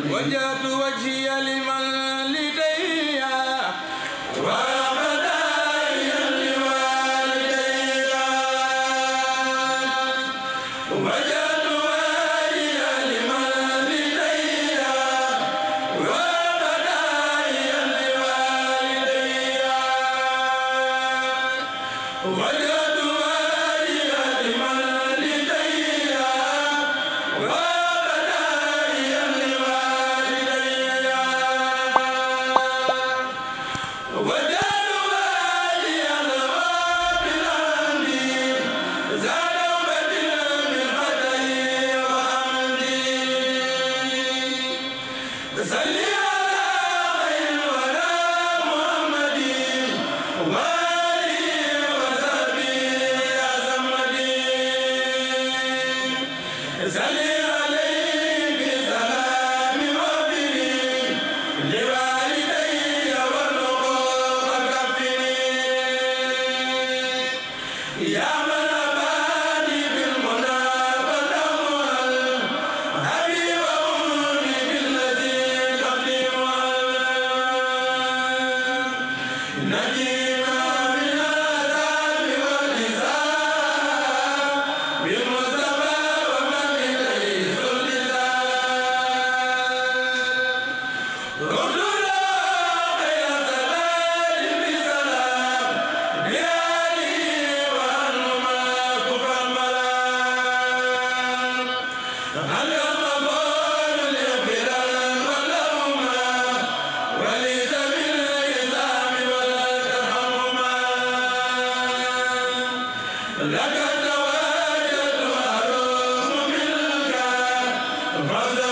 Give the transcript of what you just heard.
وجهت وجهي لمن Mother